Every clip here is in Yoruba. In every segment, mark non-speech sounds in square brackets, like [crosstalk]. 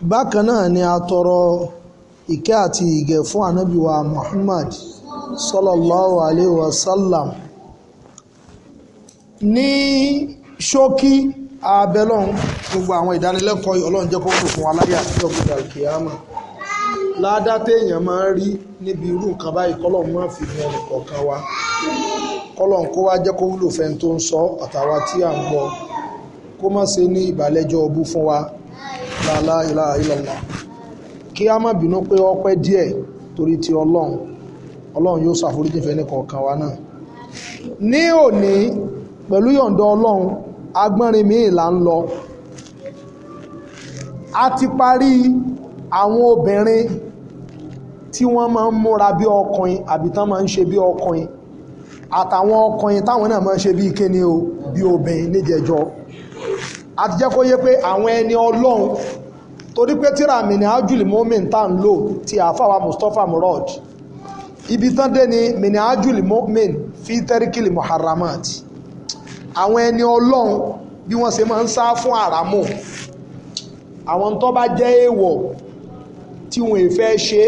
bákan náà ni a tọrọ ìkẹ́ àti ìgẹ̀ fún ànábì wa Muhammad sallallahu alayhi wa sallam ní ṣókí abẹ́lọ́hún gbogbo àwọn ìdánilẹ́kọ̀ọ́ yìí ọlọ́run jẹ́ kó fún wa àti ọ̀gbìn alkiyama ládá máa ń rí níbi irú nǹkan báyìí kọ́lọ́run máa fi wa kọ́lọ́run kó wá jẹ́ kó wúlò fẹ́ni tó ń sọ tí à ń gbọ́ wa la ilaha illallah kí a má bínú pé ó pẹ́ díẹ̀ torí ti ọlọ́run ọlọ́run yóò ṣàforíjì fẹ́ nìkọ̀ọ̀kan wa náà ní òní pẹ̀lú yọ̀ǹda ọlọ́run agbọ́nrin míì là ń lọ a ti parí àwọn obìnrin tí wọ́n máa ń múra bí ọkùnrin àbí tán máa ń ṣe bí ọkùnrin àtàwọn ọkùnrin táwọn náà máa ń ṣe bí kíni o bí obìnrin níjẹjọ a ti jẹ́ kó yé pé àwọn ẹni ọlọ́run torí pé tíra mi ni ajuli mumin tá ń lò ti àfàwà Mustapha Murad ibi tán dé ni mini ajuli mumin fi tẹ́ríkìlì muharramat àwọn ẹni ọlọ́run bí wọ́n ṣe máa ń sá fún àràmù àwọn tó bá jẹ́ èèwọ̀ tí wọ́n èèfẹ́ ṣe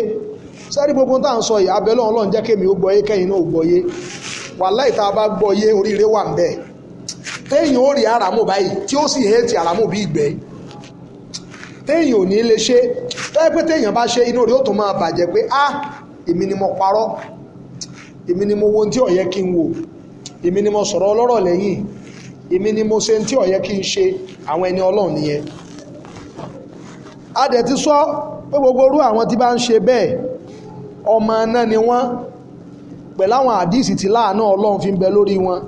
sẹ́rí gbogbo tá à ń sọ yìí abẹ́lẹ́ ọlọ́run jẹ́ kémi ó gbọ́yé kẹ́yìn náà ó gbọ́yé wàláì tá a bá gbọ́yé oríire wà ń bẹ̀ téèyàn ó rí àràmù báyìí tí ó sì hẹ́ẹ̀tì àràmù bí ìgbẹ́ téèyàn ò ní lè ṣe tọ́yẹ́ pé téèyàn bá ṣe inú rẹ̀ ó tún máa bàjẹ́ pé ah èmi ni mo parọ́ èmi ni mo wo ohun tí ò yẹ kí n wò èmi ni mo sọ̀rọ̀ ọlọ́rọ̀ lẹ́yìn èmi ni mo ṣe ohun tí ò yẹ kí n ṣe àwọn ẹni ọlọ́run nìyẹn a dẹ̀ ti sọ pé gbogbo irú àwọn tí bá ń ṣe bẹ́ẹ̀ ọmọ náà ni wọ́n pẹ̀lú àwọn àdíìsì tí láàánú ọlọ́run fi ń bẹ lórí wọn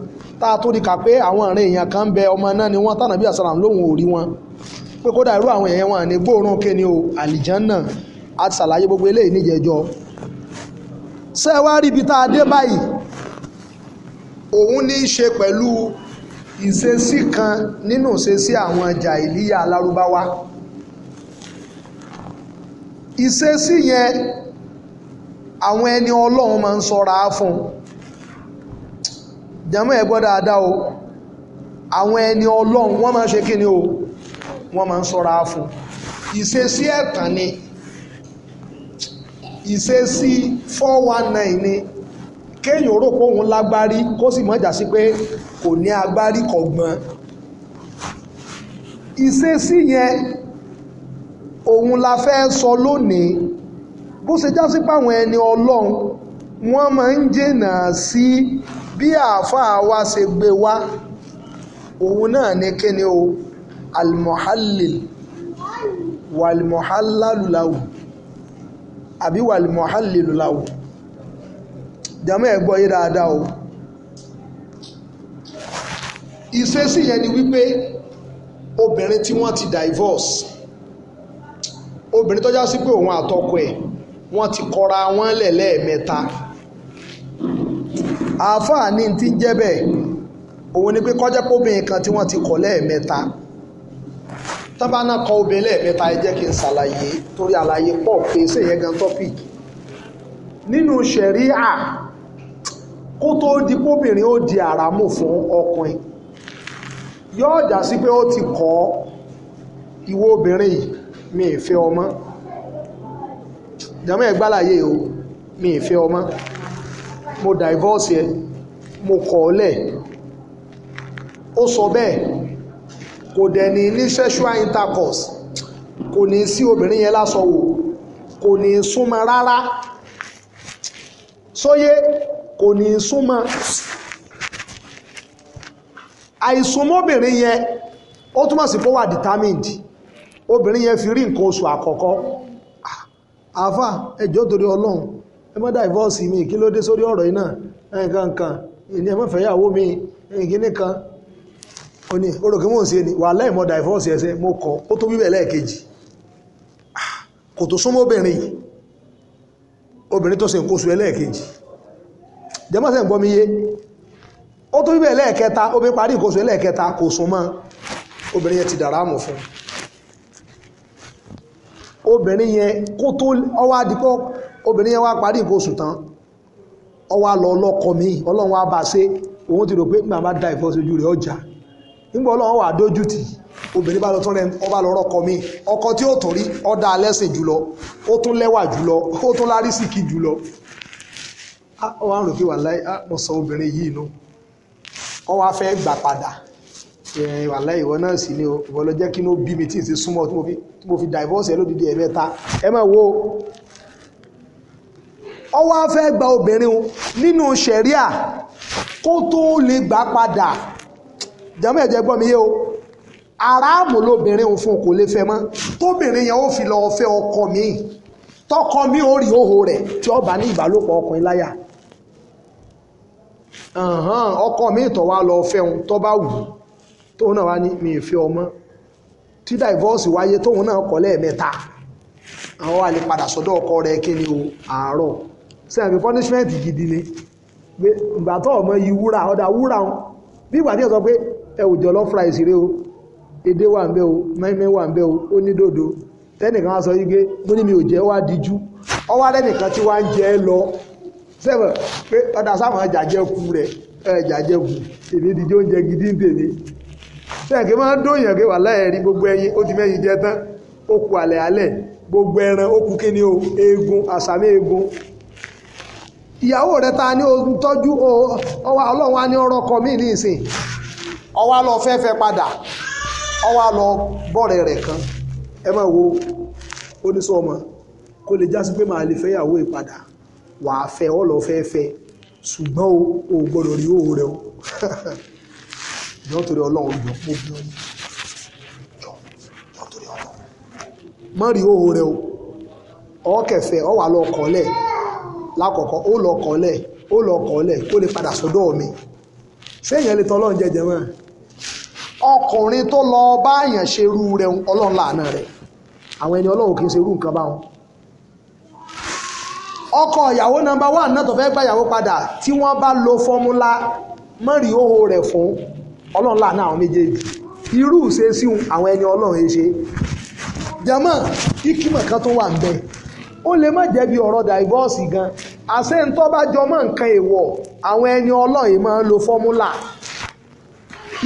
tá a tó di kà pé àwọn ìrìn èèyàn kan ń bẹ ọmọ náà ni wọ́n tànàbí àsàlám lóhùn òrí wọn pé kódà irú àwọn èèyàn wọn ní gbóòórùn kéni o àlìjánà àti ṣàlàyé gbogbo eléyìí níjẹjọ ṣé ẹ wá rí ibi tá a dé báyìí òun ní í ṣe pẹ̀lú ìṣesí kan nínú ìṣesí àwọn jàìlíyà alárúbáwá ìṣesí yẹn àwọn ẹni ọlọ́run máa ń sọ́ra fún jàmọ́ ẹ̀ gbọ́ dáadáa o àwọn ẹni ọlọ́run wọ́n máa ṣe kí ni o wọ́n máa ń sọ́ra fún ìṣesí ẹ̀tàn ni ìṣesí four one nine ni kéèyàn rò pé òun lágbárí kó sì mọ̀jà sí pé kò ní agbárí kọ̀gbọ́n ìṣesí yẹn òun la fẹ́ sọ lónìí bó ṣe já sí páwọn ẹni ọlọ́run wọ́n máa ń jìnnà sí bí àáfàá wa ṣe gbé wa òun náà ni kíni o almohalil walmohalalulawu àbí walmohalilulawu jàmọ́ ẹ gbọ́ yé dáadáa o ìṣesí yẹn ni wípé obìnrin tí wọ́n ti divorce obìnrin tó já sí pé òun àtọkọ ẹ̀ wọ́n ti kọra wọn lẹ̀ lẹ́ẹ̀mẹ́ta àáfàá ní ti ń jẹ́ bẹ́ẹ̀ òun ni pé kọjá obìnrin kan tí wọ́n ti kọ̀ lẹ́ẹ̀mẹ́ta. tabana kọ obìnrin ẹ jẹ́ kí n ṣàlàyé torí àlàyé pọ̀ pé ìyẹn gan topic nínú ṣẹ̀ríà kó tó di kóbìnrin ó di àràmù fún ọkùnrin yóò jà sí pé ti kọ́ ìwọ obìnrin mi ì fẹ́ ọmọ jàmọ́ ẹ̀ o mi ì fẹ́ ọmọ mo divorce ẹ mo kò dẹ̀ ní ní sexual intercourse kò ní sí obìnrin yẹn lásán wò kò ní súnmọ́ rárá sóyé kò ní súnmọ́ àìsùnmọ́bìnrin yẹn ó túmọ̀ sí power determined obìnrin yẹn fi rí nǹkan oṣù àkọ́kọ́ àfà ẹjọ́ torí ọlọ́run ẹ má divorce mi kí ló dé sórí ọ̀rọ̀ yìí náà nǹkan nǹkan ìní ẹ mi ìkíní ó ní oròkè mò ń ṣe ni wàhálà ìmọ̀ dàífọ́ọ̀sì ẹsẹ̀ mo kọ́ ó tó bíbẹ̀ lẹ́ẹ̀kejì ah, kò tó súnmọ́ obìnrin yìí obìnrin tó ṣe nǹkan oṣù ẹlẹ́ẹ̀kejì jẹmọ́sẹ̀ ń gbọ́mi yé ó tó bíbẹ̀ lẹ́ẹ̀kẹta obìnrin parí nǹkan oṣù ẹlẹ́ẹ̀kẹta kò súnmọ́ obìnrin yẹn ti dàrá mọ̀ fún obìnrin yẹn kó tó ọwá dípọ́ obìnrin yẹn wá parí nǹkan oṣù tán ọwá lọ ọlọ́kọ mi ọlọ́run wá bá ṣe òun ti rò pé màmá dá ìfọ́sójú rẹ̀ ọjà nígbà ọlọ́run wà dójú tì obìnrin bá lọ tún rẹ ọba lọ rọkọ mi ọkọ tí ó tún rí ọdà alẹ́sìn jùlọ ó tún lẹ́wà jùlọ ó tún lárísìkì jùlọ ó wá ń rò pé wàláì mo sọ obìnrin yìí nù ó wá fẹ́ gbà padà wàláì ìwọ náà sì ni ìwọ lọ jẹ́ kí ló bí mi tí ì ti súnmọ́ tí mo fi divorce ẹ lódìdí ẹ̀ mẹ́ta ẹ máa wo ó wá fẹ́ gba obìnrin nínú ṣẹ̀ríà kó tó lè gbà padà jẹ́mọ́ ẹ̀jẹ̀ gbọ́ mi yé o aráàmù lóbìnrin òun fún kò lè fẹ́ mọ́ tóbìnrin yẹn ó fi lọ fẹ́ ọkọ mi tọkọ mi ò rí òhò rẹ̀ tí ó bá ní ìbálòpọ̀ ọkùnrin láyà ọkọ mi ìtọ̀ wa lọ fẹ́ òun tó bá wù tóun náà wá ní mi ìfẹ́ ọmọ tí divorce wáyé tóun náà kọ̀ lẹ́ẹ̀mẹ́ta àwọn wà lè padà sọ́dọ̀ ọkọ rẹ̀ kí ni o àárọ̀ sẹ́yìn punishment gidi ni ìgbà ọmọ yìí wúrà ọ̀dà wúrà bí ìgbà tí ó sọ pé ẹ ò jọlọ fries rẹ o edé wà o mẹ́mẹ́ wà ń o ó ní sọ wípé mo ní mi ò wá díjú ọwọ́ alẹ́nìkan tí wá ń jẹ ẹ lọ sẹ́fẹ̀ pé ọ̀dà sáwọn jàjẹ́ ku rẹ̀ ẹ jàjẹ́ ku èmi gidi ń tèmi máa ń dóyàn gbogbo ẹyin ó ti jẹ tán ó ku gbogbo ẹran ó ku o eegun àsàmì eegun ìyàwó ni kọ mí ọwá lọ fẹ́fẹ́ padà ọwá lọ bọ́ọ̀rẹ̀ rẹ̀ kan ẹ máa wo ó ọmọ kó lè jásí pé màá lè fẹ́yàwó ìpadà wà á fẹ́ ọ̀lọ́ fẹ́fẹ́ ṣùgbọ́n o gbọ́dọ̀ rí rẹ o ìyọ́n [laughs] torí ọlọ́run yọ̀ pọ̀ bí torí ọlọ́run má rí rẹ o ọ̀kẹ̀fẹ̀ ọ̀wà lọ kọ́lẹ̀ lákọ̀ọ́kọ́ ó lọ kọ́lẹ̀ ó lọ kọ́lẹ̀ kó lè padà sọ́dọ̀ mi ọkùnrin tó lọ báyàn rú rẹ̀ ọlọ́run làánà rẹ̀ àwọn ẹni ọlọ́run kì í rú nǹkan wọn ọkọ ìyàwó nọmba wà náà tó fẹ́ gba ìyàwó padà tí wọ́n bá lo fọ́múlà mọ́rì hóhó rẹ̀ fún ọlọ́run àwọn méjèèjì irú ṣe sí àwọn ẹni ọlọ́run ẹ ṣe kan tó wà ó lè má ọ̀rọ̀ gan àṣẹ ń tọ́ bá jọmọ́ nǹkan èèwọ̀ àwọn lo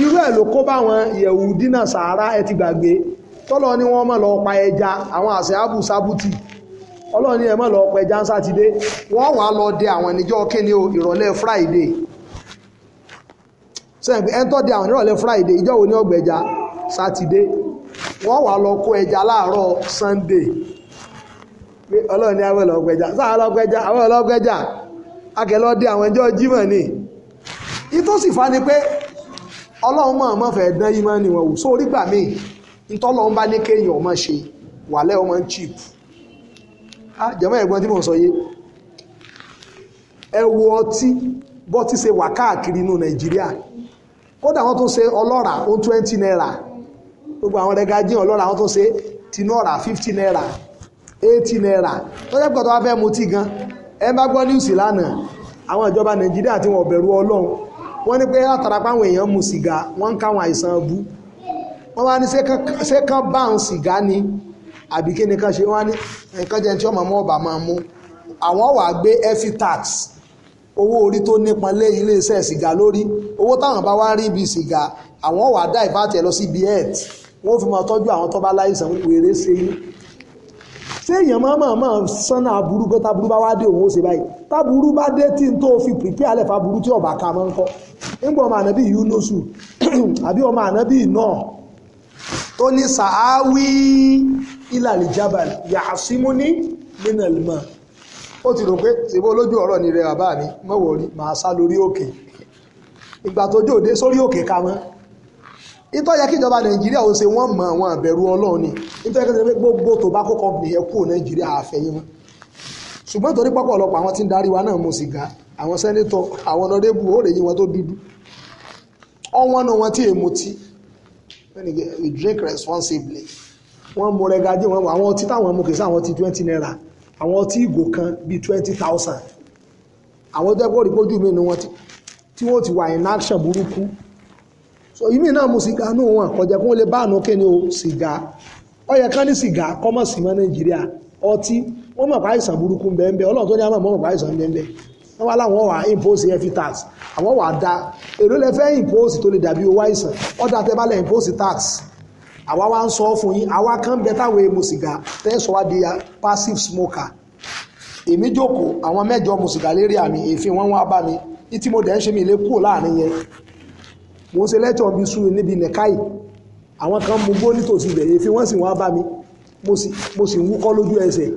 irú ẹ̀ ló kó báwọn Yẹ̀húdí náà sàárá ẹ ti gbàgbé tọ́lọ ni wọ́n mọ̀ lọ pa ẹja àwọn àṣẹ Abu sábùtì ọlọ́run ni ẹ mọ̀ lọ pa ẹja sátidé wọ́n wà lọ de àwọn níjọ́ kíni o ìrọ̀lẹ́ Friday sẹ́yìn ẹ tọ́ dé àwọn ìrọ̀lẹ́ Friday ìjọ́ wo ni ọgbẹ̀já sátidé wọ́n wà lọ kó ẹja láàárọ̀ Sunday ni àwọn ọlọ́gbẹ̀já sáà àwọn akẹ́lọ́ àwọn ni ìtòsífà ni ọlọ́run máa mọ́ fẹ́ dán yí máa níwọ̀n wò sórí gbà míì ntọ́lọ́run bá ní kéèyàn ọmọ ṣe wàlẹ́ ọmọ ń chip jẹ́mọ́ ẹ̀gbọ́n tí mò ń sọ yé ẹ wo ọtí bọ́tí ṣe wà káàkiri inú nàìjíríà kódà wọ́n tún ṣe ọlọ́rà ó twenty naira gbogbo àwọn rẹgajì ọlọ́rà wọ́n tún ṣe tinọ́ra fifty naira eighty naira tó jẹ́ pé tó wá fẹ́ mutí gan ẹ bá gbọ́ níwùsì lánàá àwọn ìjọba nàìjíríà tí wọ́n bẹ̀rù ọlọ́run wọ́n ní pé látàrápá àwọn èèyàn mu sìgá wọ́n ń káwọn àìsàn bú wọ́n wá ní ṣé kán bá ń sìgá ni àbí kí ni kán ṣe wọ́n ní nǹkan jẹ́ tí ọmọ ọmọ ọba máa mú àwọn wàá gbé efi tax owó orí tó nípọn lé iléeṣẹ́ sìgá lórí owó táwọn bá wá rí ibi sìgá àwọn wàá dá ìfàtẹ̀ lọ sí ibi health wọ́n fi máa tọ́jú àwọn tó bá láìsàn wèrè ṣe yín séèyàn máa máa máa sánà aburú pé taburú bá wá dé òun ó ṣe báyìí taburú bá dé tí n tó fi prepare alẹ́ fa aburú tí ọ̀bà ká máa ń kọ́ nígbà ọmọ ànábì Yunusu [clears throat] àbí ọmọ ànábì náà tó ní sàáwí ìlàlì jabal yàásímú ní mínàlìmọ̀ ó ti rò pé ṣèbó lójú ọ̀rọ̀ ni rẹ bàbá mi mọ̀wọ̀ rí màá sá lórí òkè ìgbà tó jó òde sórí òkè ká mọ́ ìtọ́ yẹ kí ìjọba nàìjíríà ó ṣe wọ́n mọ̀ àwọn àbẹ̀rù ọlọ́run ìtọ́ yẹ kí company yẹ kúrò nàìjíríà àfẹ́yìn wọn ṣùgbọ́n torí pọ́pọ̀ ọ̀lọ́pàá àwọn tí àwọn sẹ́nitọ̀ àwọn ọ̀nàdébù ó rè yí wọn tó dúdú ọwọ́n náà wọn tí èmo tí we drink responsibly wọ́n mú rẹ́gájí wọn àwọn ọtí táwọn mú kìí sí àwọn ọtí twenty naira àwọn ọtí ìgò kan bíi twenty thousand àwọn tẹ́gbọ́n rí pójú mi nu wọn tí wọ́n ti wà in action burúkú so ìmí náà mu sìgá náà wọn kọjá kó lè bá àánú kéne o sìgá ó yẹ ká ní sìgá kọ́mọ̀sì mọ́ Nàìjíríà ọtí wọ́n mọ̀ pàìsàn burúkú bẹ́ẹ̀ bẹ́ẹ̀ Ọlọ́run tó ní àmọ̀ mọ̀ pàìsàn bẹ́ẹ̀ bẹ́ẹ̀ wọ́n wá láwọn wà impose heavy tax àwọn wà dá èrò lẹ́fẹ́ impose tó lè dàbí owó àìsàn ọ̀dà tẹ́ bá impose tax àwa wá ń sọ fún yín àwa kan bẹ táwọn èèmù sìgá tẹ́ wá di passive smoker èmi jókòó àwọn mẹ́jọ mu sìgá lérí àmì èéfín wọn wá bá mi ní tí mo dẹ̀ ń ṣe mi lé kúrò láàrin yẹn mo ń ṣe lẹ́tọ̀ bí sùn níbi nìkáì àwọn kan mú gbó nítòsí ibẹ̀ èéfín wọ́n sì wọ́n bá mi mo sì ń wúkọ́ lójú ẹsẹ̀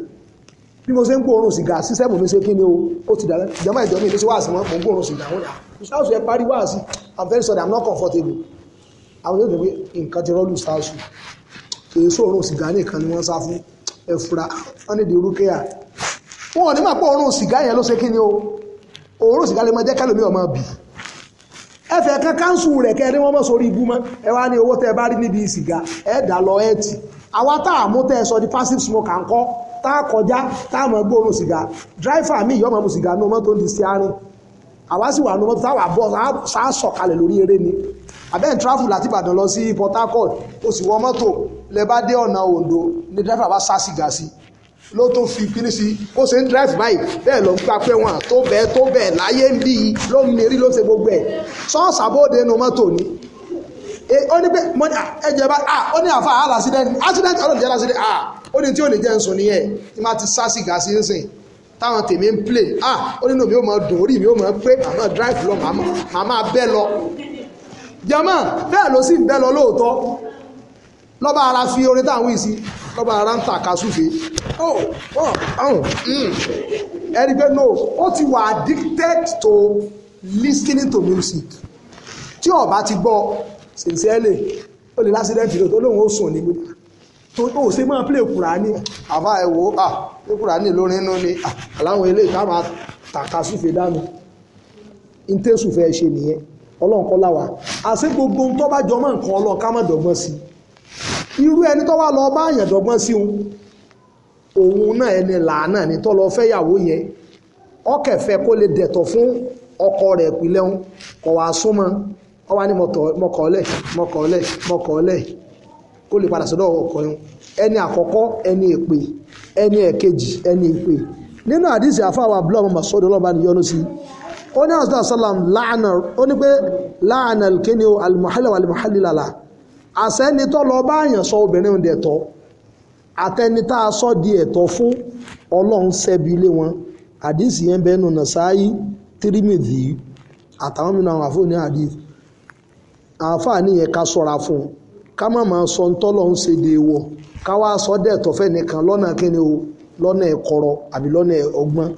bí mo ṣe ń gbóòórùn sìgá sísẹ́mù mi ṣe kí ni o ó ti dàrẹ́ ìjọba ìjọba ìlú sí wáàsí mọ́ mò ń gbóòórùn sìgá wọn yà ìṣáàṣù ẹ parí wáàsí i'm very sorry i'm not comfortable àwọn yóò dẹ̀ pé nǹkan ti rọ́lù ṣáàṣù èyí sóòórùn sìgá nìkan ni wọ́n sá fún ẹ̀fura wọ́n ní di rúkẹ́yà wọn ò ní máa gbóòórùn sìgá yẹn ló ṣe kí ni o òórùn sìgá lè máa jẹ́ kẹ́lòmí ọmọ bì ẹ fẹ́ kan káńsù rẹ̀ kẹ́ tá a kọjá tá a mọ̀ gbóòórùn sìgá dráìfà mi yọ ọmọ mu sìgá ní ọmọ tó ń di steering àwa sì wà ní ọmọ tó táwà bọ́ sáà sọ̀kalẹ̀ lórí eré ni abẹ́ẹ̀ tráfù láti Ìbàdàn lọ sí Port Harcourt ó sì wọ mọ́tò lẹ bá dé ọ̀nà Ondo ní dráìfà bá sá sìgá sí ló tó fi kíní sí ó ṣe ń dráìfù báyìí bẹ́ẹ̀ lọ ń gba pé wọn tó bẹ́ẹ̀ tó bẹ́ẹ̀ láyé ń bí i ló ń merí ló ṣe gbogbo ẹ̀ sọ́ọ̀sì ó ní tí ò lè jẹ́ ń nìyẹn tí má ti sá sìgá sí ń táwọn tèmi ń play ah ó nínú mi ò mọ dùn orí mi ò mọ pé màmá drive lọ màmá màmá bẹ́ lọ jẹ́mọ́ bẹ́ẹ̀ ló sì ń bẹ́ lọ lóòótọ́ lọ́ba ara fi orin táwọn ìsí lọ́ba ara ń tàka súfe mm. ẹni pé no ó ti wà addicted to listening to music tí ọba ti gbọ́ sincerely ó lè lásìrẹ́ǹtì lóòótọ́ lóun ó sùn ní gbogbo tó tó ṣe máa play kùránì àbá ẹ wò ó pé kùránì lórí inú ni aláwọn eléyìí ká máa tàka súfe dánú ìtẹ́sù fẹ́ ṣe nìyẹn ọlọ́run kọ́ láwa àṣẹ gbogbo tó bá jọ mọ́ nǹkan ọlọ́run ká má dọ́gbọ́n sí irú ẹni tó wá lọ bá àyàn dọ́gbọ́n sí òun òun náà ẹni làánà ni tó lọ fẹ́yàwó yẹn ọkẹ̀fẹ́ kó lè dẹ̀tọ̀ fún ọkọ rẹ̀ ìpìlẹ̀ òun kọ̀ wá súnmọ́ ọ wá ní mọ̀kọ̀ọ́lẹ̀ mọ̀kọ̀ọ́lẹ̀ mọ̀kọ̀ọ́lẹ̀ kó lè padà sọ́dọ̀ ọkọ yẹn ẹni àkọ́kọ́ ẹni èpè ẹni ẹ̀kejì ẹni èpè nínú àdìsí àfáwà abúlé ọmọ masọ́dọ̀ ọlọ́ba ni yọnu sí ó ní àṣà sálàm láàánà ó ní pé láàánà kíni o alimuhalẹ̀ alimuhalilala àṣẹni tó lọ bá àyàn sọ obìnrin òde ẹ̀tọ́ àtẹni tá a sọ di ẹ̀tọ́ fún ọlọ́run ṣẹ́bi ilé wọn àdìsí yẹn bẹ́ẹ̀ nù nàṣáyí tírímìdì àtàwọn mìíràn àfọ̀ ní àdìsí àfáà níyẹn ká sọ́ra fún un ká má máa sọ ntọ́lọ́ ń ṣe de wọ̀ ká wá sọ dẹ̀ tọ́fẹ́ nìkan lọ́nà kíni o lọ́nà ẹ̀kọ́rọ̀ àbí lọ́nà ọgbọ́n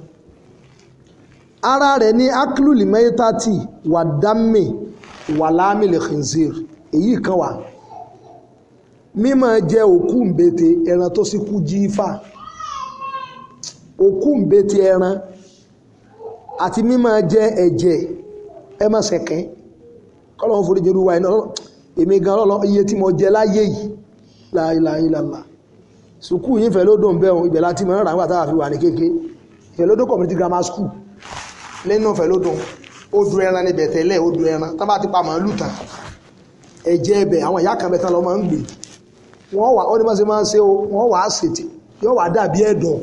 ara rẹ̀ ní akílùlì mẹ́tàtì wà dámì wà láàmìlì khinzir èyí kan wà mímọ̀ jẹ òkú mbete ẹran tó sì kú jífà òkú mbete ẹran àti mímọ̀ jẹ ẹ̀jẹ̀ ẹ má ṣẹ̀kẹ́ kọ́lọ́hún forí jẹ́rú wa iná èmi gan lọ́lọ́ iye tí mo jẹ láyé yìí láìláìlàlà sùkú yìí fẹ̀lódò ń bẹ́ẹ̀ ibẹ̀ láti mọ̀ ràn wàtà àfi wà ní kéke fẹ̀lódò community grammar school lẹ́nu fẹ̀lódò odò ẹran níbẹ̀ tẹ́lẹ̀ odò ẹran tán bá ti pa màálù tán ẹ̀jẹ̀ ẹbẹ̀ àwọn ìyá kan bẹ̀tán lọ máa ń gbé wọ́n wà ó ní bá ṣe máa ń ṣe o wọ́n wà á ṣètì yóò wà dàbí ẹ̀dọ̀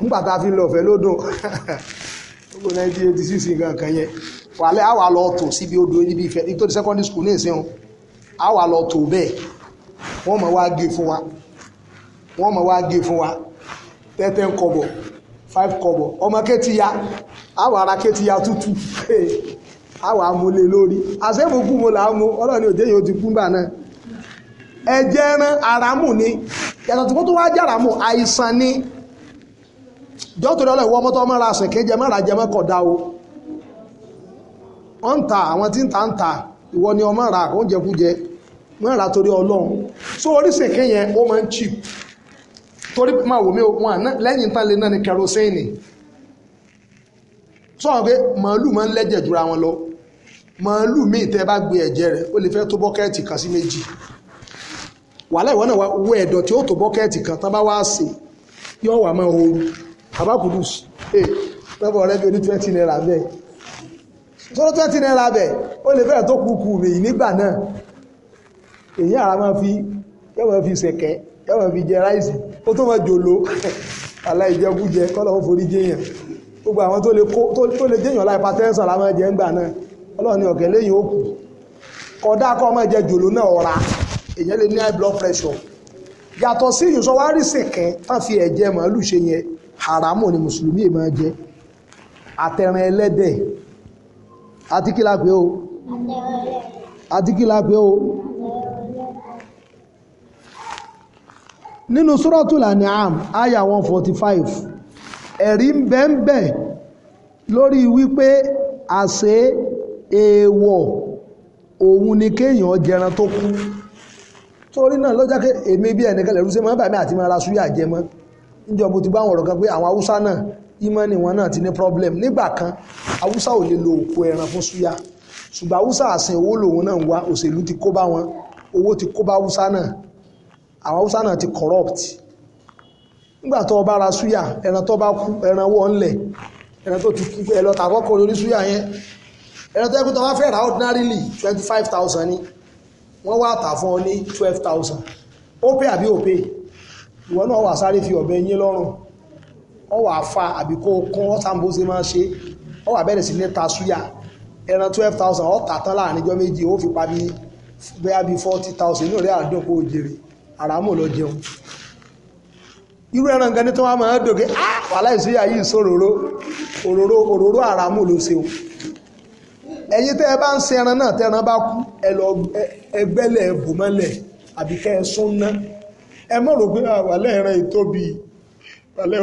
nígbà tá a fi lọ fẹ̀lódò gbogbo 1986 nǹkan kan yẹn wàlẹ́ àwà lọ tò síbi odò níbi ìfẹ́ nítorí secondary school ní ìsìn á wà lọ tó bẹ́ẹ̀ wọ́n mọ̀ wá gé fún wa wọ́n mọ̀ wá gé fún wa tẹ́tẹ́ ń kọ̀bọ̀ five kọ̀bọ̀ ọmọ kétíya á wà ara kétíya tútù á wà amúlé lórí àṣẹ́fòkú mo là á mú ọlọ́ọ̀ni òjé yìí ó ti kún gbà náà ẹ̀jẹ̀ ẹran àràmù ni yàtọ̀ tí wọ́n tó wá jẹ́ àràmù àìsàn ni jọ́tòrí ọlọ́ọ̀wọ́ ọmọ tó mọ́ra àṣẹ kéjẹ mọ́ra jẹmọ́ kọ̀dá o wọ́n ń ta àwọn tí ń ta ń ta ìwọ ni ọmọ ra oúnjẹ kújẹ wọ́n rà torí ọlọ́run so oríṣìíkẹ́ yẹn ó máa ń cheap torí máa wò mí wọn lẹ́yìn tán lè náà ni kerosene sọ̀rọ̀ pé màálù máa ń lẹ́jẹ̀ jura wọn lọ màálù míì tẹ́ bá gbé ẹ̀jẹ̀ rẹ̀ ó lè fẹ́ tó bọ́kẹ́ẹ̀tì kan sí méjì wàhálà ìwọ náà wọ ẹ̀dọ̀ tí ó tó bọ́kẹ́ẹ̀tì kan tán bá wá sè yóò wà máa ooru abakudus ee lọ́bọ̀ rẹ bí oní twenty naira bẹ́ẹ̀ sọ́dọ̀ twenty naira bẹ́ẹ̀ ó lè fẹ́ẹ̀ tó kúkú mi nígbà náà èyí àrà máa fi yọ́wọ́ fi sẹ̀kẹ́ yọ́wọ́ fi jẹ ráìsì ó tó máa jòló aláìjẹkújẹ kọ́lọ̀ ó forí jẹyàn gbogbo àwọn tó lè jẹyàn láì patẹ́sàn láwọn ẹjẹ ń gbà náà ọlọ́run ni ọ̀kẹ́ lẹ́yìn ó kù kódà kọ́ ọmọ ẹjẹ jòló náà ọ̀ra èyàn lè ní high blood pressure yàtọ̀ sí ìyùsọ wá rí sẹ̀kẹ́ tán fi ẹ̀jẹ̀ màálù ṣe yẹn haramu ni mùsùlùmí máa jẹ àtẹran ẹlẹ́dẹ̀ àti kí la pè o àti kí la pè o nínú suratul an'am aya 145 ẹ̀rí ń bẹ ń bẹ lórí wípé àṣẹ èèwọ̀ òun ni kéèyàn jẹran tó kú torí náà lọ́jà pé èmi bí ẹnìkan lẹ̀rú sí máa bàmí àti máa ra súyà jẹ mọ́ níjọba ti bá wọn ọ̀rọ̀ pé àwọn haúsá náà ìmọ̀ ni wọn náà ti ní problem nígbà kan haúsá ò lè lo òkú ẹran fún súyà ṣùgbọ́n haúsá àsìn owó lòun náà ń wá òṣèlú ti kó bá wọn owó ti kó bá haúsá náà àwọn haúsá náà ti corrupt nígbà tó bá ra súyà ẹran tó bá kú ẹran wọ́ ńlẹ̀ ẹran tó ti kú ẹ lọ tàkọ́kọ́ lórí súyà yẹn ẹran tó yẹ tó bá fẹ́ ra ordinarily twenty five thousand ni wọ́n wá tà fún ọ ní twelve thousand ó pè àbí ò pè ìwọ náà wà sáré fi ọ̀bẹ yín lọ́rùn ọ wà fa àbí kó kún ọ́sàmbó ṣe máa ṣe ọ wà bẹ̀rẹ̀ sí ní ta súyà ẹran twelve thousand ọ tà tán láàrin ijọ́ méjì ó fi pa bí bẹ́ẹ̀ bí forty thousand inú rẹ̀ àdókòó jèrè àràmù ló jẹun irú ẹran gan tó wá máa ń dògé wàhálà ìsúyà yìí sóróró òróró òróró àràmù ló ṣeun ẹ̀yin tẹ́ ẹ bá ń ṣe ẹran náà tẹ́ ẹran bá kú ẹ lọ ẹgbẹ́lẹ̀ bòmọ́lẹ̀ àbí kẹ́ ná ẹ rò pé ẹran ìtóbi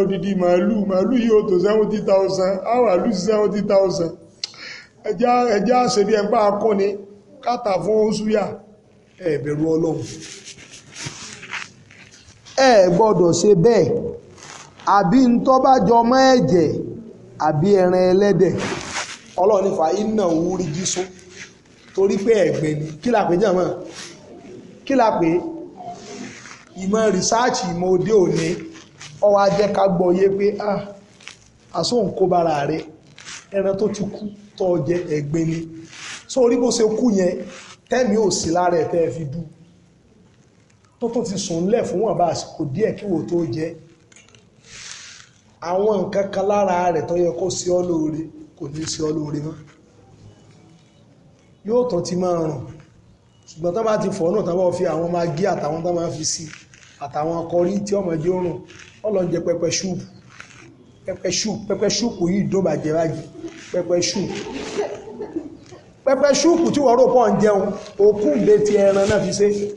odidi màálù màálù yìí ó tó seventy thousand àwàlù seventy thousand ẹ gbọdọ̀ ṣe bẹ́ẹ̀ àbí ń tọ́ bá ẹ̀jẹ̀ àbí ẹran ẹlẹ́dẹ̀ ọlọ́run nífa iná wúrí jísó torí pé ẹ̀gbẹ́ ni kí la pè kí la pè ìmọ̀ rìsáàchì ìmọ̀ òde òní ọwọ́ ajẹ́ ká gbọ́ ẹran tó ti kú jẹ ẹ̀gbẹ́ ni sórí bó ṣe kú yẹn tẹ́mi ò sí lára ẹ̀ tó tó ti sùn lẹ̀ fún wọn bá àsìkò díẹ̀ kí wò tó jẹ́ àwọn nǹkan kan lára rẹ̀ tó yẹ kó sí ọ lóore kò ní sí ọ lóore mọ́ yóò tán ti máa rùn ṣùgbọ́n tó bá ti fọ̀ náà tó bá fi àwọn magí àtàwọn tó máa fi sí àtàwọn akọrí tí ọmọ ẹjọ́ rùn ọlọ́njẹ pẹpẹ ṣúùpù pẹpẹ ṣúùpù pẹpẹ ṣúùpù yìí dó bàjẹ́ báyìí pẹpẹ ṣúùpù pẹpẹ ṣúùpù tí wọ́n rò pọ̀ ń jẹun òkú ìbẹ́tì ẹran náà fi ṣe é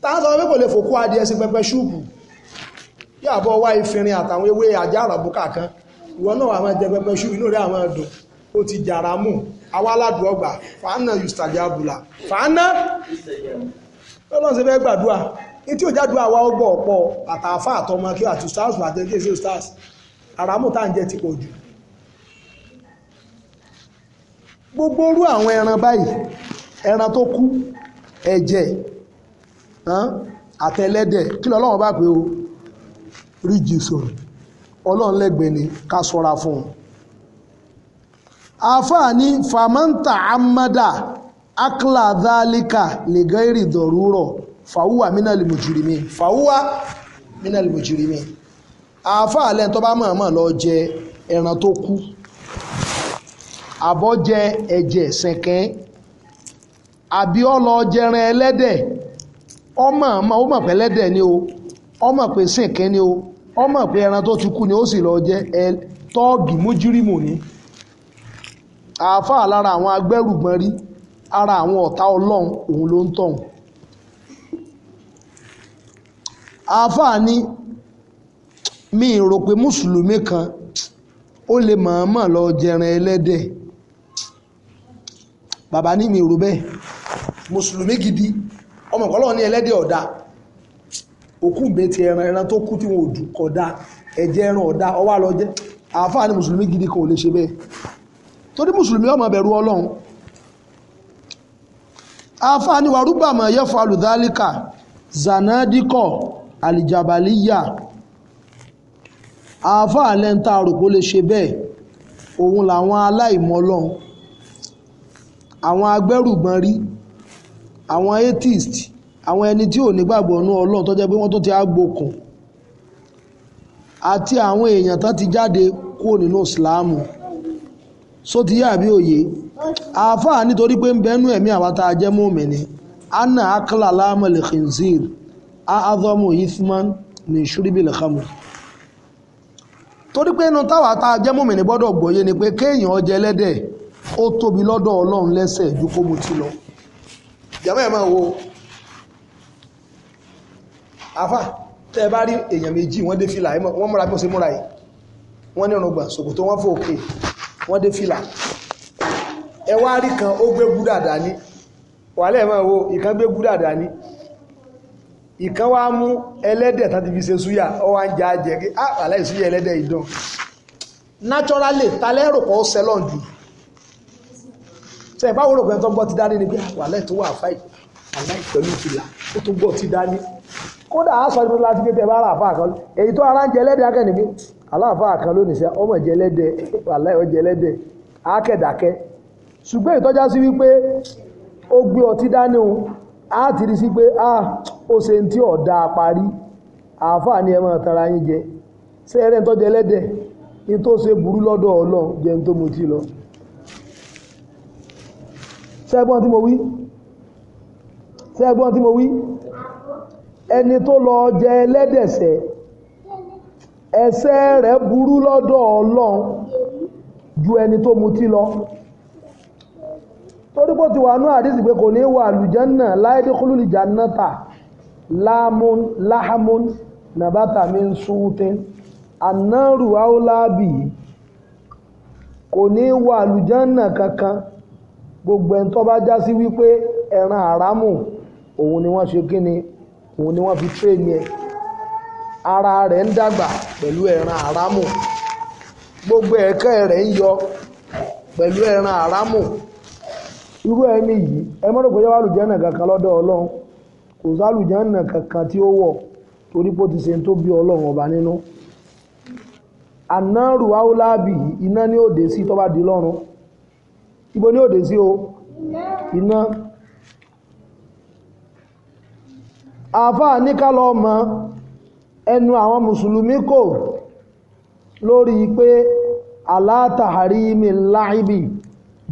táwọn sọ pé kò lè fòkú adìẹ sí pẹpẹ ṣúùpù yàbọ̀ wá ìfìnrin àtàwọn ewé àjá àràbùkà kan ìwọ náà àwọn ẹjẹ pẹpẹ ṣúùpù inú rẹ̀ àwọn ẹ̀dùn ó ti jàrà mù àwa aládùn ọgbà fàánà yustaja bùlà fàánà lọ́nà sí fẹ́ gbàdúrà ní tí ò jádùá wa ó gbọ́ ọ̀pọ̀ àtàfà àtọmọ kí àti stars àtẹ̀jẹ́ sí stars àràmù tá à ń jẹ́ ti pọ̀ jù gbogbo orú àwọn ẹran báyìí ẹran tó kú ẹ̀jẹ̀ àtẹlẹ́dẹ̀ kí lọ́lọ́run bá pé o ríjì sọ̀rọ̀ ọlọ́run lẹ́gbẹ̀ẹ́ ni ká sọ́ra fún un àáfàá ní famanta amada akla dhalika lẹ́gẹ́rì dọ̀rúrọ̀ fàwúwà mínàlì mùjìrìmí fàwúwà mínàlì mùjìrìmí àáfàá lẹ́yìn tó bá lọ jẹ ẹran tó kú ọmọ àmọ́ ó mọ̀ pé lẹ́dẹ̀ ni o ọmọ pé sìnkín ni o ọmọ pé ẹran tó ti kú ni ó sì lọ jẹ ẹ tọ́ọ̀gì mójúrímù ni àáfàá lára àwọn agbẹ́rùgbọ́n rí ara àwọn ọ̀tá ọlọ́run òun ló ń tọ̀hún àáfàá ni mi rò pé mùsùlùmí kan ó lè mọ̀ọ́mọ̀ lọ jẹran ẹlẹ́dẹ̀ bàbá ní mi rò bẹ́ẹ̀ mùsùlùmí gidi ọmọ ìkọlọ́ ní ẹlẹ́dẹ̀ ọ̀dá òkú ìbẹ́tì ẹran ẹran tó kú tí wọn ò dù kọ̀dá ẹ̀jẹ̀ ẹran ọ̀dá ọwá lọ jẹ́ àáfàá ni mùsùlùmí gidi kan ò lè ṣe bẹ́ẹ̀ torí mùsùlùmí ọmọ bẹ̀rù ọlọ́run àáfàá ni wàrúgbà mọ̀ yẹ́fọ alùdálíkà zanadikọ̀ alìjàbàlíyà àáfàá lẹ́ńtà àròkó lè ṣe bẹ́ẹ̀ òun làwọn aláìmọ́ ọlọ́run àwọn agbẹ́rùgbọ́n rí àwọn atheist àwọn ẹni tí ò nígbàgbọ́ nú ọlọ́run tó jẹ́ pé wọ́n tó ti àti àwọn èèyàn tó ti jáde kúrò nínú ìsìláàmù so ti yá òye àáfàá nítorí pé ń bẹnu ẹ̀mí àwa tá a jẹ́ ithman ní torí pé inú táwa tá a jẹ́ gbọ́dọ̀ gbọ́yé ni pé kéèyàn lọ. jàmọ́ ẹ̀ máa wo àfà tẹ́ bá rí èèyàn méjì wọ́n dé fìlà wọ́n múra bí wọ́n ṣe múra yìí wọ́n ní ọ̀nà gbà ṣòkòtò wọ́n fò òkè wọ́n dé fìlà ẹ wá rí kan ó gbé búdà dání wàhálẹ̀ máa wo ìkan gbé búdà dání ìkan wá mú ẹlẹ́dẹ̀ tàbí fi ṣe súyà ọ wá ń jẹ ajẹ́ kí ah, á wàhálẹ̀ ìsúyà ẹlẹ́dẹ̀ ìdán naturally talẹ́rò kọ́ sẹ́lọ̀n ṣe ìbáwo rò pé tó gbọ́ ti dání ni pé ah, wàhálẹ̀ tó wà fáìlì aláì ìfìlà ó gbọ́ ti dání kódà á sọ ìpínlẹ̀ láti kan èyí tó ara ń jẹ ẹlẹ́dẹ̀ kan lónìí ọmọ jẹ ẹlẹ́dẹ̀ aláì ọjẹ ẹlẹ́dẹ̀ akẹ́dàkẹ́ ṣùgbọ́n ìtọ́já sí wípé ó gbé ọtí dání òun á ti rí sí a ah, ó ṣe ń tí ọ̀dà parí ni ẹ máa tara yín jẹ sẹ́ẹ̀rẹ́ ẹlẹ́dẹ̀ ní tó ṣe lọ ṣẹ́gbọ́n tí mo wí ṣẹ́gbọ́n tí mo wí ẹni tó lọ jẹ ẹlẹ́dẹ̀ṣẹ̀ ẹ̀ṣẹ̀ rẹ̀ burú lọ́dọ̀ Ọlọ́run ju ẹni tó mutí lọ torí pé ti wà ní àdísì pé kò ní wà àlùjànnà láìdí kúlùlì jannata láàmún nàbátà mi ń súnwúté anáàrù áúláàbì kò ní wà àlùjànnà kankan gbogbo ẹni tó bá já sí wípé ẹran àrámù òun ni wọ́n ni wọ́n fi ni e. ara rẹ̀ ń dàgbà pẹ̀lú ẹran àrámù gbogbo ẹ̀kẹ́ rẹ̀ ń yọ pẹ̀lú ẹran àrámù irú ẹni yìí ẹ mọ́rò pé yọ́wọ́ àlùjànnà kankan lọ́dọ̀ ọlọ́run kò kankan tí ó wọ̀ torí ti ṣe tó bí ọlọ́run ọba nínú àná iná ibo ní òdè sí o iná àfáà ní ká lọ mọ ẹnu àwọn mùsùlùmí kò lórí pé alátàhárí mi láìbì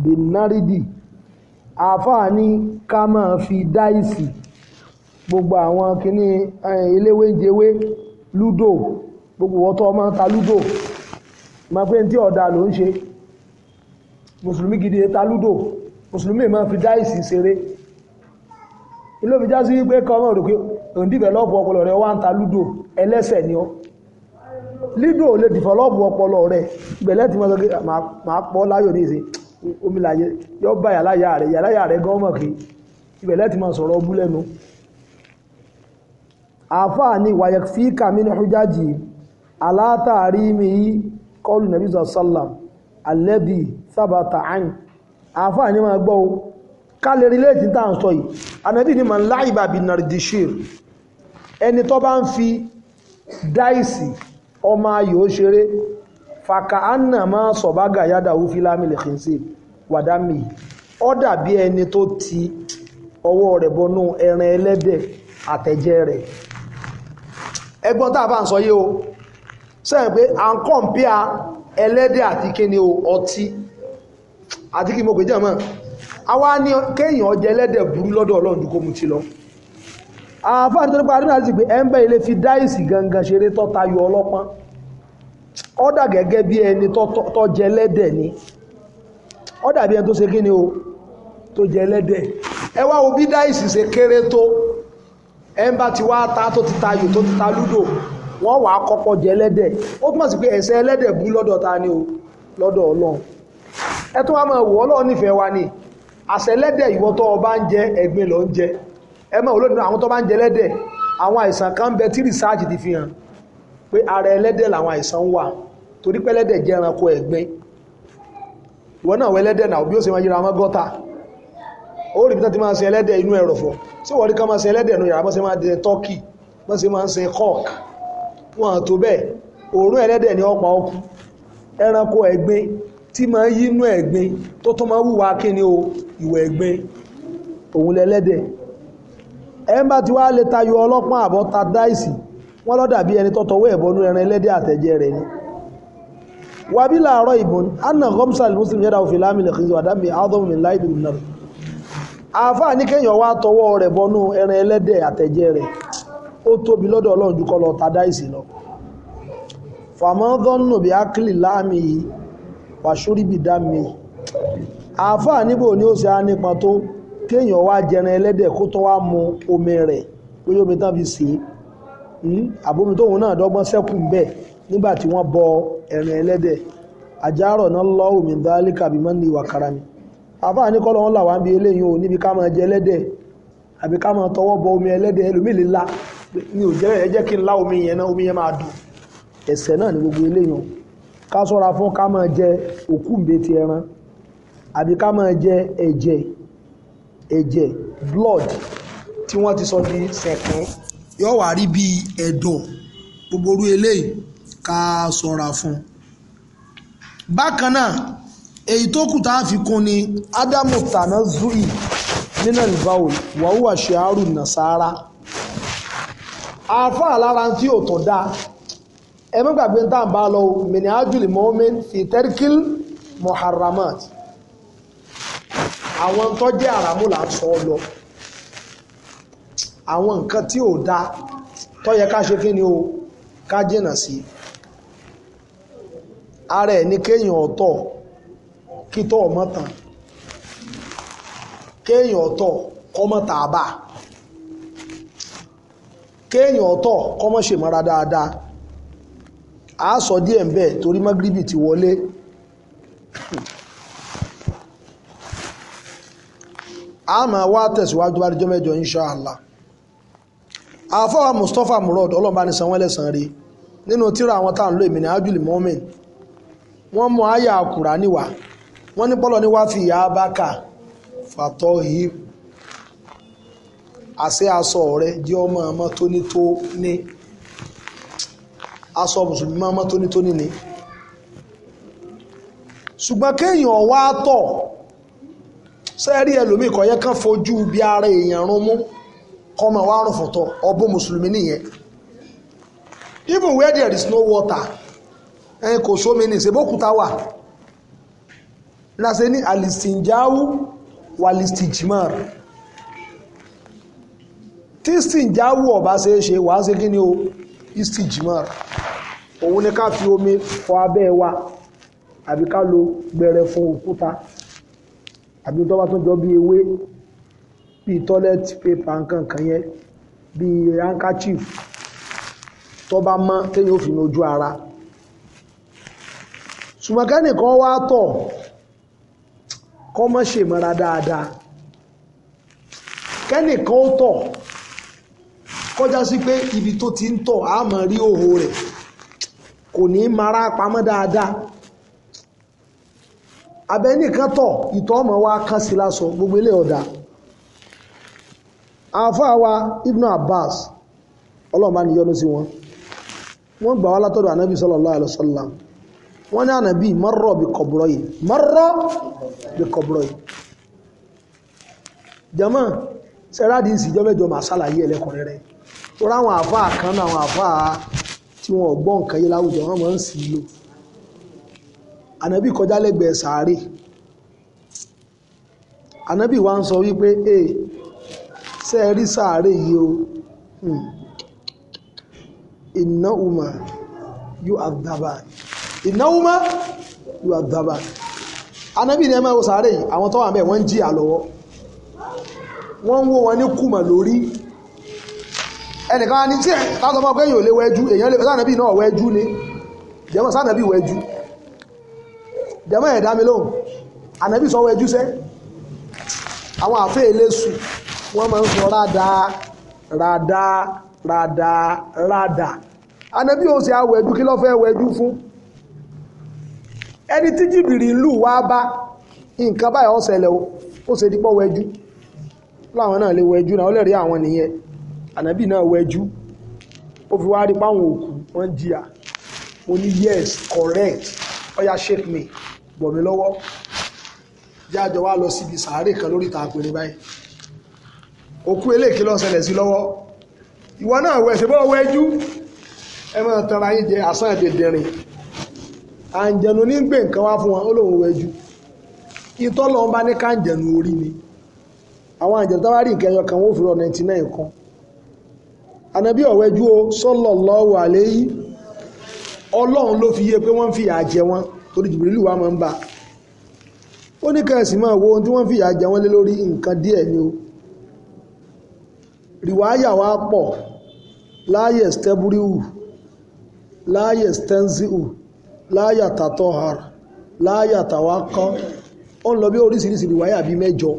bìnárìdì àfáà ní ká máa fi dáìsì gbogbo àwọn kìíní eh, eléwé jewé lúdò gbogbo wọ́tọ́ ọmọ ta lúdò ma pé tí ọ̀dà ló ń ṣe mùsùlùmí gidi ta lúdò mùsùlùmí máa fi dáìsì ṣeré ilé òfin jásí pé kọ́ ọmọ òdòkè òun dìvẹ̀lọ́pù ọpọlọ rẹ̀ wá ń ta lúdò ẹlẹ́sẹ̀ ni ọ́ lídò lè dìvẹ̀lọ́pù ọpọlọ rẹ̀ ìgbẹ̀lẹ́ ti mọ́ sọ pé màá pọ́ láyò ní ìsìn omi láyé yọ bá yàláyà rẹ̀ yàláyà rẹ̀ gan mọ̀ kí ìgbẹ̀lẹ́ ti mọ́ sọ̀rọ̀ ọbú sábàtà àyìn àáfàá ni máa gbọ́ o ká lè rí léètì tá à ń sọ yìí ànábì ni màá láì bàbí nàìjíríṣìír ẹni tó bá ń fi dáìsì ọmọ ayò ṣeré fàkà ánà máa sọ̀bágà yádà wúfi lámìlì kìnsì wàdámì ó dàbí ẹni tó ti ọwọ́ rẹ̀ bọnú ẹran ẹlẹ́dẹ̀ àtẹ̀jẹ́ rẹ̀ ẹgbọ́n tá a bá ń sọ yé o sẹ́yìn pé à ń kọ̀ǹpíà ẹlẹ́dẹ̀ àti kíni ọtí àti kí mo pè jẹ́ mọ́ àwa ni kéèyàn ọjẹ́ ẹlẹ́dẹ̀ burú lọ́dọ̀ ọlọ́run ju kó mu ti lọ àáfàá nítorí pé adúlá ti pé ẹ̀ńbẹ́ ilé fi dáìsì gangan ṣeré tó tayọ ọlọ́pọ́n ọ̀dà gẹ́gẹ́ bí ẹni tó jẹ lẹ́dẹ̀ ni ọ̀dà bí ẹni tó ṣe kí ni o tó jẹ lẹ́dẹ̀ ẹ wá wo bí dáìsì ṣe kéré tó ẹ̀ńbà ti wá ta tó ti tayò tó ti ta lúdò wọ́n wàá kọ́kọ́ jẹ lẹ́dẹ̀ ó túmọ̀ sí pé ẹ̀ṣẹ̀ ẹlẹ́dẹ̀ bú lọ́dọ̀ ta ni o lọ́dọ̀ ọlọ́run ẹtún wa máa wò ọlọ́run nífẹ̀ẹ́ wa ni àṣẹlẹ́dẹ̀ ìwọ tó ọba ń jẹ ẹ̀gbin lọ ń jẹ ẹ mọ̀ olóòdùn àwọn tó bá jẹ lẹ́dẹ̀ àwọn àìsàn kan bẹ tí rìsáàjì ti fi hàn pé ara ẹlẹ́dẹ̀ làwọn àìsàn wà torí pé ẹlẹ́dẹ̀ jẹ́ ẹranko ẹ̀gbin ìwọ náà wọ ẹlẹ́dẹ̀ náà bí ó ṣe máa yẹra ti máa inú sí wọ́n rí ká máa sin ẹlẹ́dẹ̀ inú tọ́kì máa ń sin wọn bẹ́ẹ̀ òórùn ẹranko tí máa yí inú ẹ̀gbin tó tó máa wùwà kí ni o ìwà ẹ̀gbin òun lẹ́lẹ́dẹ̀ ẹ̀ ń bá ti wá lè tayọ ọlọ́pàá àbọ̀ ta dáìsì wọ́n lọ́dà bí ẹni tọ́tọ̀wọ́ ẹ̀bọnú ẹran ẹlẹ́dẹ̀ àtẹ̀jẹ́ rẹ̀ ni wàbí làárọ̀ ìbọn anna gomsal muslim yẹ́dà òfin lámìlẹ̀ kìí wà dámì áàdọ́mù láìbì náà àáfàá ní kéèyàn wá tọwọ́ rẹ̀ bọnú ẹran ẹlẹ́dẹ̀ àtẹ̀jẹ́ rẹ̀ ó tóbi lọ́dọ̀ ọlọ́run ju kọ́ lọ ta dáìsì lọ fàmọ́dọ́nù bí ákìlì láàmì yìí wàṣúríbì dámi àáfàá níbò ni ó ṣe á nípa tó kéèyàn wá jẹran ẹlẹ́dẹ̀ kó tó wá mu omi rẹ̀ bóyá omi tán fi sè é hmm? àbomi tóun náà dọ́gbọ́n sẹ́kù ń bẹ̀ nígbà tí wọ́n bọ ẹran ẹlẹ́dẹ̀ àjárọ̀ náà lọ́ omi dálíkà bí mọ́ni ìwà kara mi àáfàá ní kọ́lọ́ wọn là wá ń bi eléyìí o níbi ká máa jẹ ẹlẹ́dẹ̀ àbí ká máa tọwọ́ bọ omi ẹlẹ́dẹ̀ ẹlòmíì lè la mi ò jẹ́ jẹ́ kí n lá omi yẹn náà omi yẹn máa dùn ẹ̀ṣẹ̀ náà ni gbogbo eléyìí o ká sọ́ra fún ká máa jẹ òkú ìbẹ́tì ẹran àbí ká máa jẹ ẹ̀jẹ̀ ẹ̀jẹ̀ blood tí wọ́n ti sọ di sẹ̀kẹ́ yóò wá rí bí ẹ̀dọ̀ gbogbo orú eléyìí ká sọ́ra fún. bákan náà èyí tó kù tá a fi kún ni ádámù tàná zui nínú ìbáwò wàhùwà ṣe àrùn nàṣàrà àáfàá lára tí ò tọ́ dáa ẹ má gbàgbé ń tàn bá lọ mìnì ájúlì mọ́mìn fi tẹ́ríkìl muharramat àwọn tó jẹ́ àràmù là ń sọ lọ àwọn nǹkan tí ò da tó yẹ ká ṣe kí ni o ká jìnà sí ara ẹ̀ ní kéèyàn ọ̀tọ̀ kí tọ́ ọmọ kéèyàn ọ̀tọ̀ kọ́mọ tàbá kéèyàn ọ̀tọ̀ kọ́mọ dáadáa a sọ díẹ̀ ń bẹ̀ torí magribi ti wọlé a máa wá tẹ̀síwájú bá díjọ́ mẹ́jọ inṣàlá àfọwà Mustapha Murad ọlọ́mọba ní sanwó ẹlẹ́sàn rí nínú tíra àwọn tá à ń lo èmi ní ajuli mohamed wọ́n mú àyà àkùrà níwà wọ́n ní pọ́lọ́ ní wá fi ìyá abáka fàtọ́ hip àṣẹ aṣọ rẹ jẹ́ ọmọ ọmọ tónítóní aṣọ mùsùlùmí máa mọ́ tónítóní ni ṣùgbọ́n kéèyàn wá tọ̀ sẹ́rí ẹlòmíì kò yẹ kán fojú bí ara èèyàn rún mú kọ́mọ wá rùn fọ̀tọ̀ ọbú mùsùlùmí nìyẹn even where there is no water ẹ̀yìn kò sómi ní ìṣèbókúta wà lásẹ̀ ní alistinjawu walistijmar tí stinjawu ọ̀bá ṣe é ṣe wàá ṣe kí ni o istijmar òun ni ká fi omi fọ abẹ́ wa àbí ká lo gbẹrẹ fún òkúta àbí tó bá tún jọ bí ewé bí toilet paper nǹkan kan yẹn bí handkerchief tó bá mọ́ téyàn ó fi ní ojú ara ṣùgbọ́n nìkan wá tọ̀ kọ́ mọ́ ṣèmọ́ra dáadáa kẹ́nìkan ó tọ̀ kọjá sí pé ibi tó ti ń tọ̀ á máa rí òhò rẹ̀ kò ní mara pamọ́ dáadáa abẹ́nìkan tọ̀ ìtọ̀ ọmọ wa kán sí lásọ gbogbo ilé ọ̀dà àáfàá wa ibnu Abbas ọlọ́ọ̀bá ni yọ́nú sí wọn wọ́n gbà wá látọ̀dọ̀ ànábì sallallahu alaihi wasallam wọ́n ní ànábì marra bí kọ̀bùrọ̀ yìí marra bí kọ̀bùrọ̀ yìí jama sẹ́rádìí sì jọ́mẹ́jọ màá sálàyé ẹlẹ́kùnrin rẹ̀ tó ráwọn àfáà kan náà àwọn àfáà tí wọn gbọ́ nǹkan yé láwùjọ wọn máa ń sì lò ànábì kọjá lẹ́gbẹ̀ẹ́ sàárè ànábì wa ń sọ wípé ẹ ṣe rí sàárè yìí o hmm. iná umar yóò àdàbà iná umar yóò àdàbà ànábì ni ẹ máa wo sàárè yìí àwọn tó wà ń bẹ̀ wọ́n ń jìyà lọ́wọ́ wọ́n ń wó wọn ní kùmà lórí ẹnìkan á ní tí látọ̀ mọ́ pé èèyàn lè wẹ́jú èèyàn lè sànàbí náà wẹ́jú ni jẹ́mọ́ sànàbí wẹ́jú jẹ́mọ́ ẹ̀dá mi lóhùn ànàbí sọ wẹ́jú sẹ́ àwọn àfẹ́ eléṣù wọ́n máa ń sọ rádà rádà rádà rádà ànàbí sì kí wẹ́jú fún ẹni tí jìbìrì ń lù wá bá nǹkan báyọ̀ ọ̀sẹ̀ lẹ̀ ó ṣe dípọ̀ ànábì náà wẹjú ó fi wá rí páwọn òkú wọ́n jìyà mo ní yes correct ọya shake me bọ̀ mí lọ́wọ́ jájọ wá lọ síbi sàárè kan lórí ìta àpèrè báyìí òkú eléèké lọ ṣẹlẹ̀ sí lọ́wọ́ ìwọ náà wẹ̀ ṣe bọ́ wẹ́jú ẹ máa tara yín jẹ àsán ìdèdèrìn àǹjẹ̀nù ní gbé nǹkan wá fún wọn ó lóun wẹ́jú ìtọ́lọ́run bá ní káǹjẹ̀nù orí ni àwọn àǹjẹ̀nù tó bá rí nǹkan ẹyọ kan wọ́n fi rọ 99 kan ànábì ọ̀wẹ́jú o sallallahu alayhi ọlọ́run ló fi yé pé wọ́n ń fìyà jẹ wọ́n torí jìbìrìlù wa máa ń bá ó ní kẹ́ẹ̀sì máa wo ohun tí wọ́n ń fìyà jẹ wọ́n lé lórí nǹkan díẹ̀ ni o rìwáyà wa pọ̀ láàyè stẹ́búríhù láàyè stẹ́ńsíhù láàyè tàtọ́hàr láàyè tàwákọ́ ó ń lọ bí oríṣiríṣi rìwáyà bíi mẹ́jọ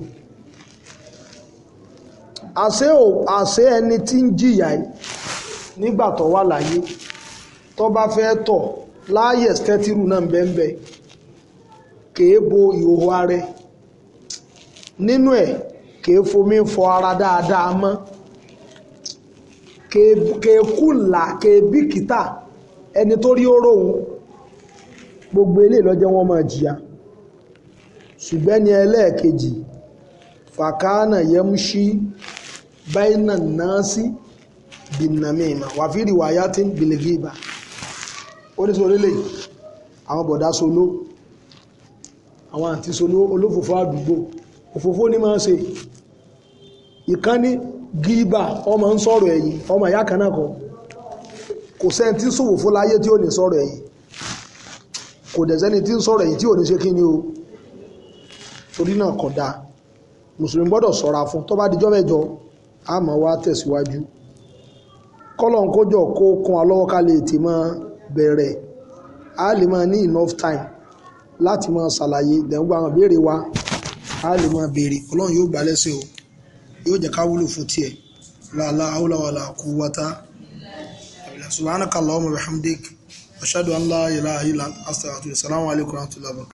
àṣé ò àṣé ẹni tí ń jìyà yìí nígbà tó wà láyé tó bá fẹ́ tọ̀ láàyè stẹ́tìrù náà bẹ́ẹ̀ kèé bo ìhòhò ara nínú ẹ̀ kèé fomi fọ ara dáadáa mọ́ kèé kùlà kèé bìkítà ẹni tó rí oró òun gbogbo eléyìí lọ́jọ́ wọn máa jìyà ṣùgbẹ́ni ẹlẹ́ẹ̀kejì fàkánà yẹmúṣí bayna nasi binnamima wà fi riwayatin bilghiba ó ní sórí lè àwọn bọ̀dá solo àwọn àti solo olófòfó àdúgbò òfòfó ní máa ṣe ìkánní giba ọmọ ń sọ̀rọ̀ ẹ̀yìn ọmọ ìyá kan náà kan kò sẹ́ni tí ń ṣòwò fún láyé tí ò ní sọ̀rọ̀ ẹ̀yìn kò dẹ̀ tí ń sọ̀rọ̀ ẹ̀yìn tí ò ní ṣe kí ni o torí náà kódà mùsùlùmí gbọ́dọ̀ ṣọ́ra fún tó bá dijọ́ mẹ́jọ a mọ̀ wá tẹ̀síwájú kọ́lọ̀n kójọ kó kún wa lọ́wọ́ ká lè ti máa bẹ̀rẹ̀ a lè máa ní enough time láti máa ṣàlàyé dẹ̀ngbà àwọn ìbéèrè wa a lè máa béèrè ọlọ́run yóò gbà lẹ́sẹ̀ o yóò jẹ́ ká wúlò fún tiẹ̀ làlá àwòlàwàlà kú wata subhanaka allahumma bihamdik ashhadu an la ilaha illa anta astaghfiruka wa atubu ilayk assalamu alaykum wa rahmatullahi wa barakatuh